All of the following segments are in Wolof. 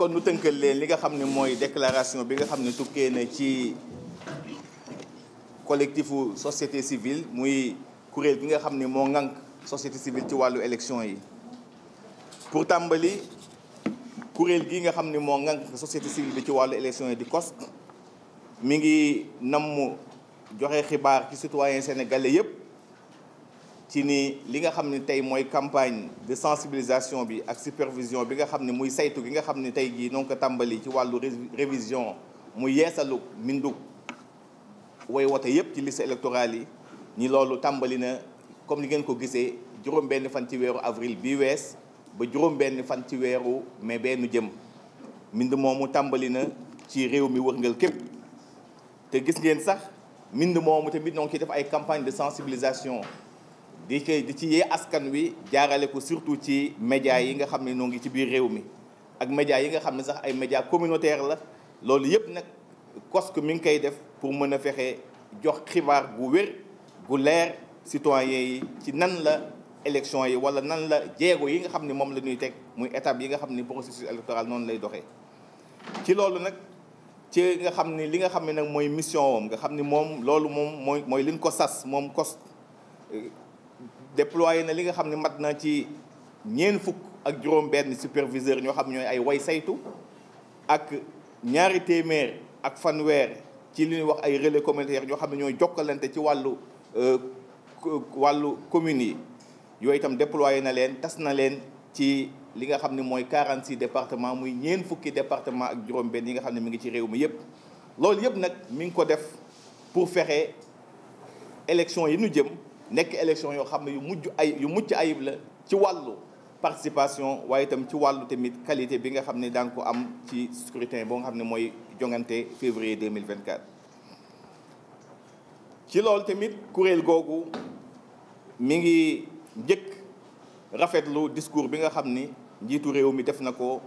kon nu tënkal leen li nga xam ne mooy déclaration bi nga xam ne tukkee na ci collectifu société civile muy kuréel bi nga xam ni moo ŋànk société civile ci wàllu élection yi pour tàmbali kuréel gi nga xam ne moo ŋànk société civile bi ci wàllu élection yi di COSC mi ngi namm joxe xibaar ci citoyen sénégalais yépp ci nii li nga xam ne tey mooy campagne de sensibilisation bi ak supervision bi nga xam ne muy saytu gi nga xam ne tey jii noo ko tàmbali ci wàllu révision muy yeesalu mbindug woy wote yépp ci liste électorale yi ñi loolu tàmbali na comme ni ngeen ko gisee juróom-benn fan ci weeru avril bi wees ba juróom-benn fan ci weeru mais benn jëm mbind moomu tàmbali na ci réew mi wërngal képp te gis ngeen sax mbind moomu tamit ñoo ngi ciy def ay campagne de sensibilisation di koy di ci yee askan wi jaarale ko surtout ci média yi nga xam ne noo ngi ci biir réew mi ak média yi nga xam ne sax ay média communautaire la loolu yëpp nag COSC mi ngi koy def pour mën a fexe jox xibaar gu wér gu leer citoyen yi ci nan la élection yi wala nan la jéego yi nga xam ne moom la ñuy teg muy étape yi nga xam ne processus électoral noonu lay doxee ci loolu nag ci nga xam ni li nga xam ne nag mooy mission wam nga xam ni moom loolu moom mooy mooy liñ ko sas moom COSC déployé na li nga xam ne mat na ci ñeen fukk ak juróom-benn superviseur ñoo xam ñooy ay way saytu ak ñaari téeméer ak fanweer ci li ñuy wax ay relais communautaire ñoo xam ne ñooy jokkalante ci wàllu euh, wàllu communes yi yooyu itam déployé na leen tas na leen ci li nga xam ne mooy 46 département muy ñeen fukki département ak juróom-benn yi nga xam ne mu ngi ci réew mi yëpp loolu yëpp nag mi ngi ko def pour fexe élection yi nu jëm nekk élection yoo xam ne yu mujj ay yu mucc ayib la ci wàllu participation waaye itam ci wàllu tamit qualité bi nga xam ne daan ko am ci scrutin boo nga xam ne mooy jongante février 2024 ci loolu tamit kuréel googu mi ngi njëkk rafetlu discours bi nga xam ni njiitu réew mi def na ko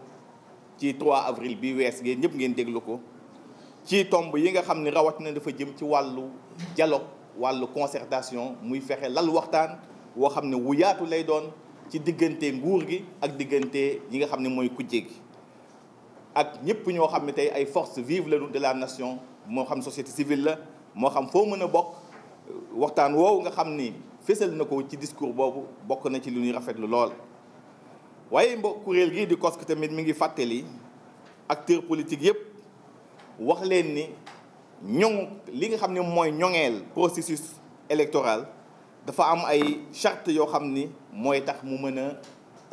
ci 3 avril bi wees ngeen ñëpp ngeen déglu ko ci tomb yi nga xam ni rawat na dafa jëm ci wàllu dialogue wàllu concertation muy fexe lal waxtaan woo xam ne wu yaatu lay doon ci diggante nguur gi ak diggante yi nga xam ne mooy kujje gi ak ñëpp ñoo xam ne tey ay forces vives lañu de la nation moo xam société civile la moo xam foo mën a bokk waxtaan woowu nga xam ni fésal na ko ci discours boobu bokk na ci lu rafet rafetlu lool. waaye mbokk kuréel gii di que tamit mu ngi fàttali acteurs politiques yëpp wax leen ni. ñoŋ li nga xam ne mooy ñoŋeel processus électoral dafa am ay charte yoo xam ni mooy tax mu mën a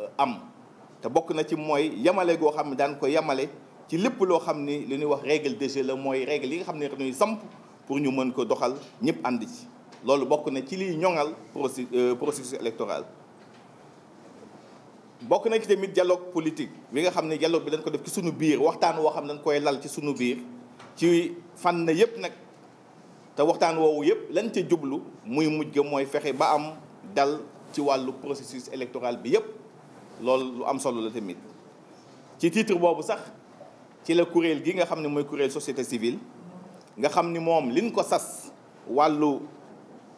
euh, am te bokk na ci mooy yamale goo xam ne daan ko yamale ci lépp loo xam ni li ñuy wax règle de jeu la mooy règle li nga xam ne dañuy samp pour ñu mën ko doxal ñëpp ànd ci loolu bokk na ci liy ñoŋal euh, processus électoral bokk na ci tamit dialogue politique bi nga xam ne dialogue bi dañ ko def ci suñu biir waxtaan woo xam ne dañ koy lal ci suñu biir ci fan na yëpp nag te waxtaan woowu yëpp lañ ca jublu muy mujj ga mooy fexe ba am dal ci wàllu processus électoral bi yëpp loolu lu am solo la tamit ci titre boobu sax ci la kuréel gi nga xam ne mooy kuréel société civile nga xam ni moom liñ ko sas wàllu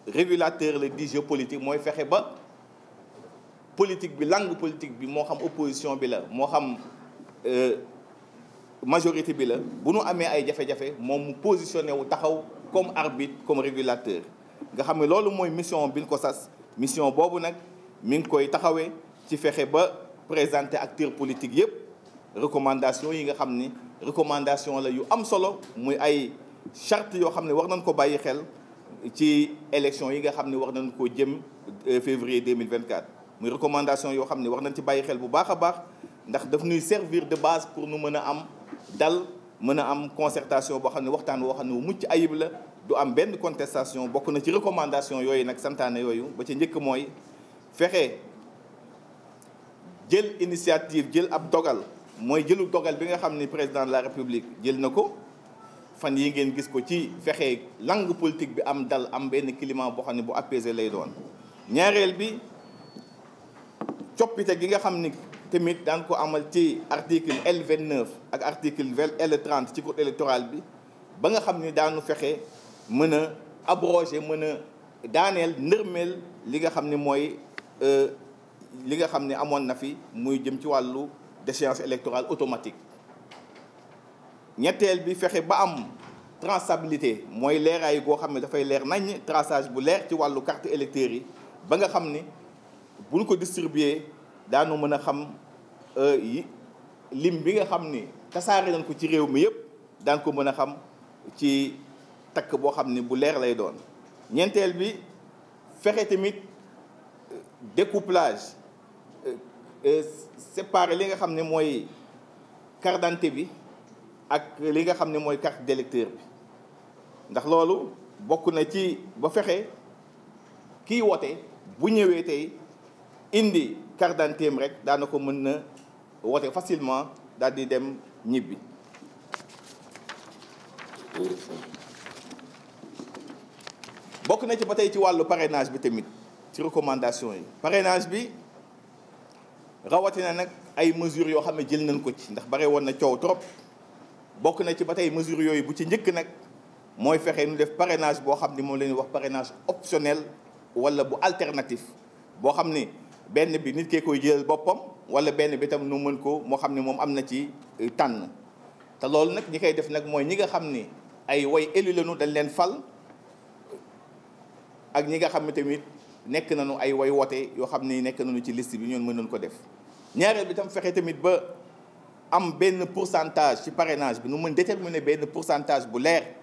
régulateur la du politique mooy fexe ba politique bi langue politique bi moo xam opposition bi la moo xam euh, majorité bi la bu nu amee ay jafe-jafe moom mu positionné wu taxaw comme arbitre comme régulateur nga xam ne loolu mooy mission bi nu ko sas mission boobu nag mi ngi koy taxawee ci fexe ba présenté acteur politique yëpp recommandation yi nga xam ni recommandation la yu am solo muy ay charte yoo xam ne war nañ ko bàyyi xel ci élection yi nga xam ne war nañ ko jëm euh, février 2024 muy recommandation yoo xam ne war nañ ci bàyyi xel bu baax a baax ndax daf ñuy de base pour nu mën a am dal mën a am concertation boo xam ne waxtaan woo xam ne mucc ayib la du am benn contestation bokk na ci recommandation yooyu nag santaane yooyu ba ci njëkk mooy fexe jël initiative jël ab dogal mooy jëlu dogal bi nga xam ni président de la république jël na ko fan yi ngeen gis ko ci fexe langue politique bi am dal am benn climat boo xam ne bu apaisé lay doon ñaareel bi coppite gi nga xam ni tamit daan ko amal ci article L 29 ak article L ci code électoral bi ba nga xam ni daanu fexe mën a abroger mën a daaneel nërmeel li nga xam ni mooy euh, li nga xam ne amoon na fi muy jëm ci wàllu déchéance électorale automatique ñetteel bi fexe ba am traçabilité mooy leeraay goo xam ne dafay leer naññ traçage bu leer ci wàllu carte électeur yi ba nga xam ni buñ ko distribuer daanu mën a xam euh, lim bi nga xam ni tasaare nañ ko ci réew mi yëpp daan ko mën a xam ci takk boo xam ni bu leer lay doon. ñeenteel bi fexe tamit euh, découplage euh, séparé li nga xam ne mooy carte d'identité bi ak li nga xam ne mooy carte d'électeur bi ndax loolu bokk na ci ba fexe kiy wote bu ñëwee tey indi. carte d'identité rek daana ko mën na woote facilement daal di dem ñibbi bokk na ci ba tey ci wàllu parrainage bi tamit ci recommandation yi parrainage bi rawatina nag ay mesures yoo xam ne jël nañ ko ci ndax bare woon na coow trop bokk na ci ba tey mesures yooyu bu ci njëkk nag mooy fexe nu def parrainage boo xam ni moo la wax parrainage optionnel wala bu alternatif boo xam ni benn bi nit kee koy jëlal boppam wala benn bi tam nu mën ko moo xam ne moom am na ci euh, tànn te loolu nag ñi koy def nag mooy ñi nga xam ni ay way élu lañu dañ leen fal ak ñi nga xam ne tamit nekk nañu ay woy wote yoo xam ni nekk nañu ci list bi ñoon mën nañu ko def ñaareel bi tam fexe tamit ba am benn pourcentage ci parrainage bi nu mën déterminer benn pourcentage bu leer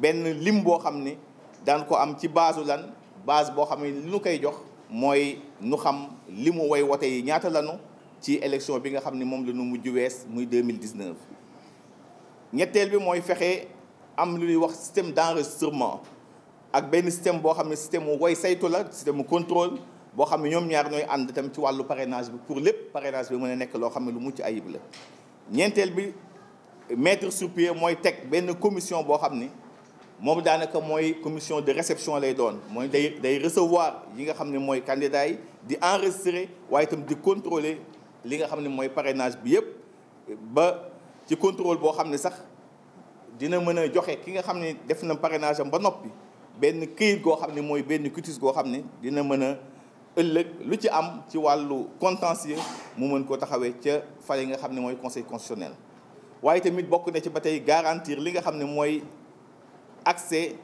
benn lim boo xam ni daan ko am ci base lan base boo xam ne lu ñu koy jox mooy nu xam li mu way wote yi ñaata lanu ci élection bi nga xam ni moom la mujj wees muy 2019 ñetteel bi mooy fexe am lu ñuy wax système d'enregistrement ak benn système boo xam ne système mu woy saytu la système mu contrôle boo xam ne ñoom ñaar ñooy ànd tamit ci wàllu parrainage bi pour lépp parrainage bi mën a nekk loo xam ne lu mucc ayib la ñeenteel bi mettre sur pied mooy teg benn commission boo xam ni moom daanaka mooy commission de réception lay doon mooy day day recevoir yi nga xam ne mooy candidat yi di enregistrer waaye itam di contrôler li nga xam ne mooy parrainage bi yëpp ba ci contrôle boo xam ne sax dina mën a joxe ki nga xam ne def na parrainage am ba noppi benn këyit goo xam ne mooy benn cutis goo xam ne dina mën a ëllëg lu ci am ci wàllu contentieux mu mën koo taxawee ca fale yi nga xam ne mooy conseil constitutionnel waaye tamit bokk na ci ba tey garantir li nga xam ne mooy accès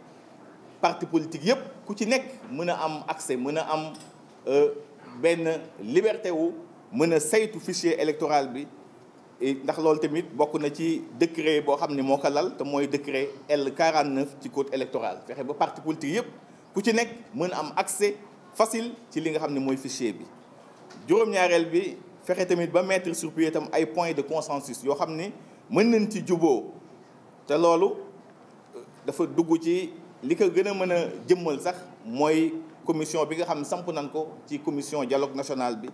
parti politique yëpp ku ci nekk mën a am accès mën a am euh, benn liberté wu mën a saytu fichier électoral bi ndax loolu tamit bokk na ci décret boo xam ni moo ko lal te mooy décret L 49 ci code électoral fexe ba parti politique yëpp ku ci nekk mën a am accès facile ci li nga xam ne mooy fichier bi juróom-ñaareel bi fexe tamit ba mettre sur pied tam ay points de consensus yoo xam ni mën nañ ci juboo te loolu dafa dugg ci li ko gën a mën a jëmmal sax mooy commission bi nga xam ne samp nañ ko ci commission dialogue national bi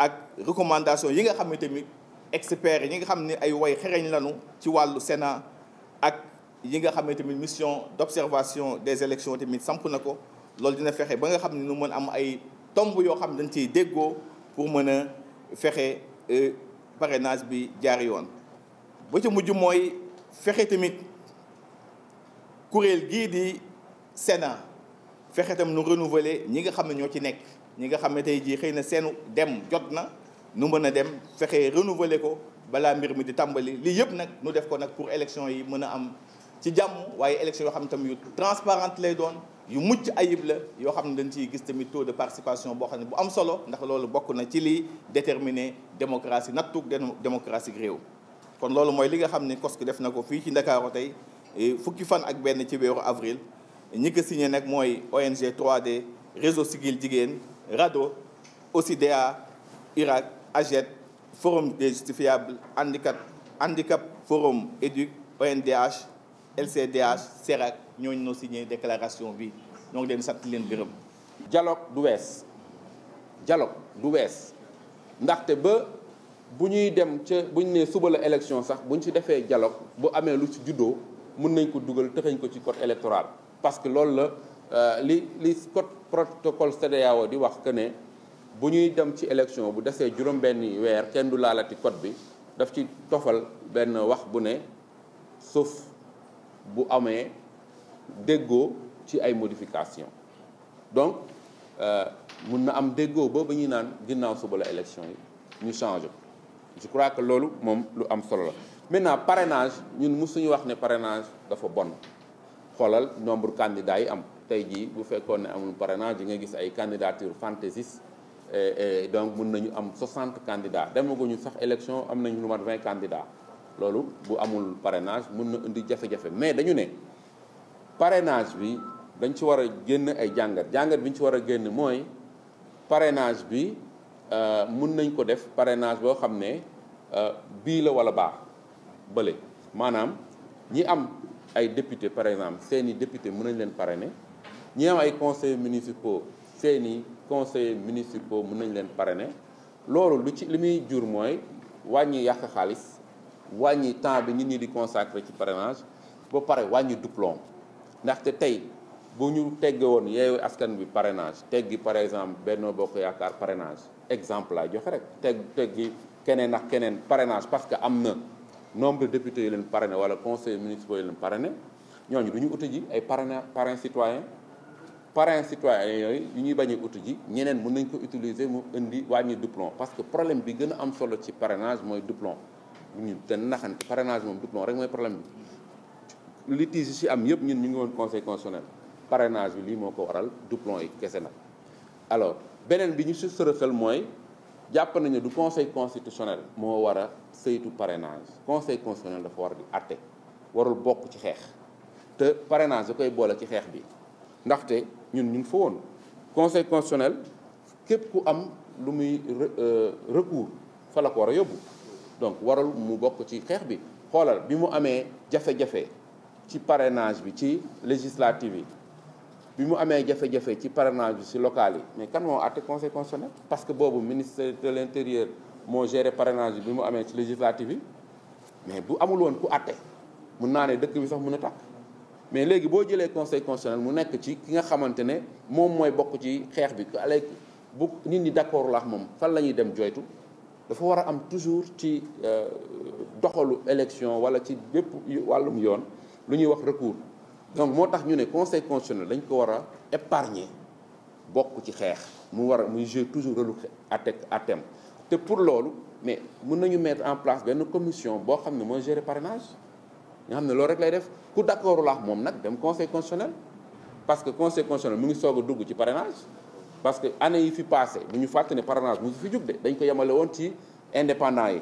ak recommandation yi nga xam ne tamit experts yi nga xam ni ay way xereñ lanu ci wàllu Sénat ak yi nga xam ne tamit mission d'observation des élections tamit samp na ko loolu dina fexe ba nga xam ne nu mën am ay tomb yoo xam ne dañ ciy déggoo pour mën a fexe euh, parenage bi jaar yoon ba ca mujj mooy fexe tamit kuréel gii di Sénat fexe tam nu renouveler ñi nga xam ne ñoo ci nekk ñi nga xam ne tey jii xëy na seenu dem jot na nu mën a dem fexe renouveler ko balaa mbir mi di tàmbali lii yëpp nag nu def ko nag pour élection yi mën a am ci jàmm waaye élection yoo xam ne tam yu transparente lay doon yu mucc ayib la yoo xam ne dañ ciy gis tamit taux de participation boo xam ne bu am solo ndax loolu bokk na ci liy déterminer démocratie nattug démocratie réew kon loolu mooy li nga xam ne COSCU def na ko fii ci Ndakaaru tey fukki fan ak benn ci weeru avril ñi ko nag mooy ONG 3D réseau Siggil Jigéen RADDHO OSIDEA IRAK AGET forum des justifiables handicap handicap forum éduc ONDH LCDH SERAC ñooñu noo signé déclaration bi ñoo ngi leen leen gërëm. dialogue du wees dialogue du wees ndaxte ba bu ñuy dem ca bu ñu nee suba la élection sax bu ñu ci defee dialogue bu amee lu ci juddoo. mun nañ ko dugal tëxañ ko ci code électoral parce que loolu la euh, li li code protocole CEDEAO di wax que ne bu ñuy dem ci élection bu desee juróom-benni weer kenn du laalati code bi daf ci tofal benn wax bu ne sauf bu amee déggoo ci ay modification donc euh, mun na am déggoo ba ba ñuy naan ginnaaw suba la élection yi ñu changé je crois que loolu moom lu am solo la maintenant parrainage ñun mësuñu wax ne parrainage dafa bon xoolal nombre candidats yi am tey jii bu fekkoon ne amul parrainage yi nga gis ay candidature fantaisiste et donc mun nañu am 60 candidats demaguñu sax élection am nañu lu mat 20 loolu bu amul parenage mun na indi jafe-jafe mais dañu ne parenage bi dañ ci war a génn ay jàngat jàngat bi ñu ci war a génn mooy parenage bi euh, mun nañ ko def parenage boo xam ne euh, bii la wala baax. bële maanaam ñi am ay député par exemple seen i député mun nañ leen parrainer ñi am ay conseillers municipaux seeni conseil conseillers municipaux mun nañ leen parrainer loolu lu ci li muy jur mooy wàññi yàq xaalis wàññi temps bi ñu di consacré ci parrainage ba pare wàññi doublon ndaxte tey bu ñu tegge woon yeewu askan bi parrainage teggi par exemple Benno Bokk Yaakaar parrainage exemple laa joxe rek teg teggi keneen ak keneen parrainage parce que am na nombre de députés yu leen parrainé wala conseil municipal yu leen parrainé ñooñu du ñu uti ji ay parrain parrain citoyen parrain citoyen yooyu yu ñuy bañ a uti ji ñeneen mun nañ ko utiliser mu indi wàññi doublon parce que problème bi gën a am solo ci parrainage mooy doublon ñu te naxante parrainage moom doublon rek mooy problème bi litige yi si am yëpp ñun ñu ngi woon conseil constitutionnel parrainage bi lii moo ko waral doublon yi kese na alors beneen bi ñu si sërëxal mooy jàpp nañu ne du conseil constitutionnel moo war a saytu parrainage conseil constitutionnel dafa war di àtte warul bokk ci xeex te parrainage da koy boole ci xeex bi ndaxte ñun ñu ngi fa woon conseil constitutionnel képp ku am lu muy euh, recours fa la ko war a yóbbu donc warul mu bokk ci xeex bi xoolal bi mu amee jafe-jafe ci parrainage bi ci législative yi bi mu amee jafe-jafe ci parrainage bi si local yi mais kan moo àtte conseil constitutionnel parce que boobu ministre de l' intérieur moo géré parrainage bi mu amee ci législative yi mais bu amul woon ku àtte mun naa ne dëkk bi sax mun a tàkk mais léegi boo jëlee conseil constitutionnel mu nekk ci ki nga xamante ne moom mooy bokk ci xeex bi léegi bu nit ñi d' accord laax moom fan la ñuy dem joytu dafa war a am toujours ci euh, doxalu élection wala ci bépp wàllum yoon lu ñuy wax recours donc moo tax ñu ne conseil constitutionnel dañ ko war a épargner bokk ci xeex mu war a muy jouer toujours rôle à thème te pour loolu mais mun nañu mettre en place benn commission boo xam ne mooy gérer parrainage nga xam ne loolu rek lay def ku d'accord laax moom nag dem conseil constitutionnel parce que conseil constitutionnel mu ngi soog a dugg ci parrainage parce que année yi fi passé bu ñu fàtte ne parrainage mu ngi fi jug de dañ ko yemale woon ci indépendant yi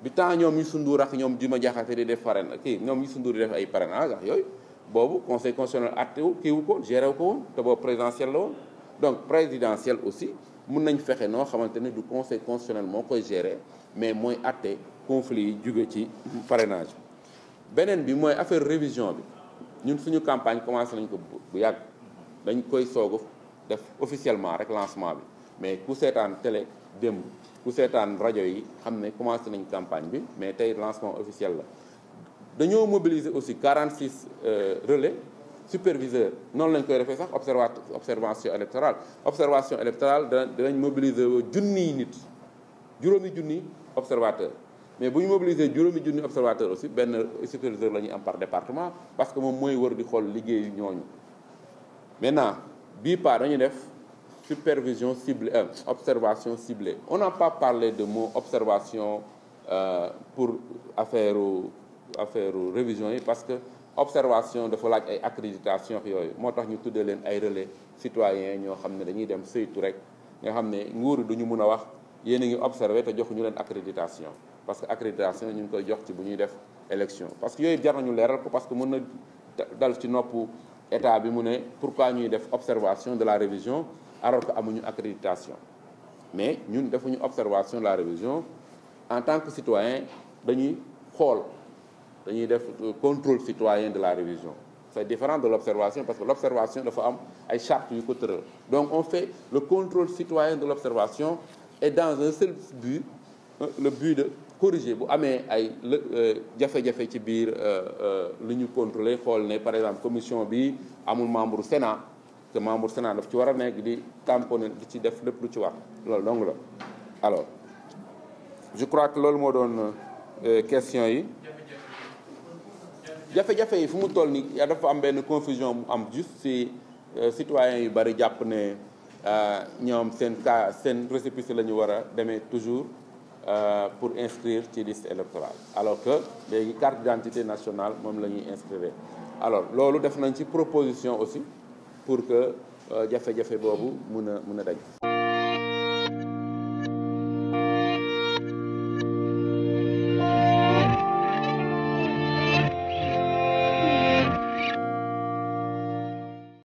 bi temps ñoom yu sunduur ak ñoom juma jaxate di def parrainage kii ñoom yu sunduur di def ay parrainage ak yooyu boobu conseil constitutionnel atte kiwu kii wu ko géré ko woon te boobu présidentiel la woon donc présidentiel aussi mun nañ fexe noo xamante ni du conseil constitutionnel moo koy géré mais mooy atte conflit yi jóge ci parrainage bi beneen bi mooy affaire révision bi ñun suñu campagne commencé nañ ko bu yàgg dañ koy soog def officiellement rek lancement bi mais ku seetaan tele démb ku seetaan rajo yi xam ne commencé nañ campagne bi mais tey lancement officiel la dañoo mobiliser aussi 46 euh, relais superviseurs noonu lañ koy defee sax observa observation électorale observation électorale danañ mobiliser junniy nit juróomi junni observateur mais bu ñu mobiliser juróomi junni observateur aussi benn superviseur la ñuy am par département parce que moom mooy wër di xool liggéeyu ñooñu maintenant bii pas dañu def supervision ciblée euh, observation ciblée on n'a pas parlé de mot observation euh, pour affaire affaire révision yi parce que observation dafa laaj ay accréditation yooyu moo tax ñu tuddee leen ay relais citoyen ñoo xam ne dañuy dem saytu rek nga xam ne nguur du ñu mun a wax yéen a ngi observé te joxuñu leen accréditation parce que accréditation ñu ngi koy jox ci bu ñuy def élection parce que yooyu jar nañu leeral ko parce que mën na dal ci noppu état bi mu ne pourquoi ñuy def observation de la révision alors que amuñu accréditation mais ñun defuñu observation la révision en tant que citoyen dañuy xool dañuy def euh, contrôle citoyen de la révision c'est différent de l'observation parce que l'observation dafa am ay chartes yu ko tëral donc on fait le contrôle citoyen de l'observation et dans un seul but euh, le but de corriger bu amee ay euh, jafe-jafe ci biir lu ñu contrôler xool ne par exemple commission bi amul membre Sénat te membre Sénat daf ci war a nekk di tamponner di ci def lépp lu ci war loolu donc la alors je crois que loolu moo doon question yi jafe-jafe yi fu mu toll nii ya dafa am benn confusion mu am juste si euh, citoyens yu bëri jàpp ne euh, ñoom seen cas seen récépissé la ñu war a demee toujours euh, pour inscrire ci liste électorale alors que léegi carte d'identité nationale moom la ñuy inscrire alors loolu def nañ ci proposition aussi pour que jafe-jafe boobu mun a mun a dañ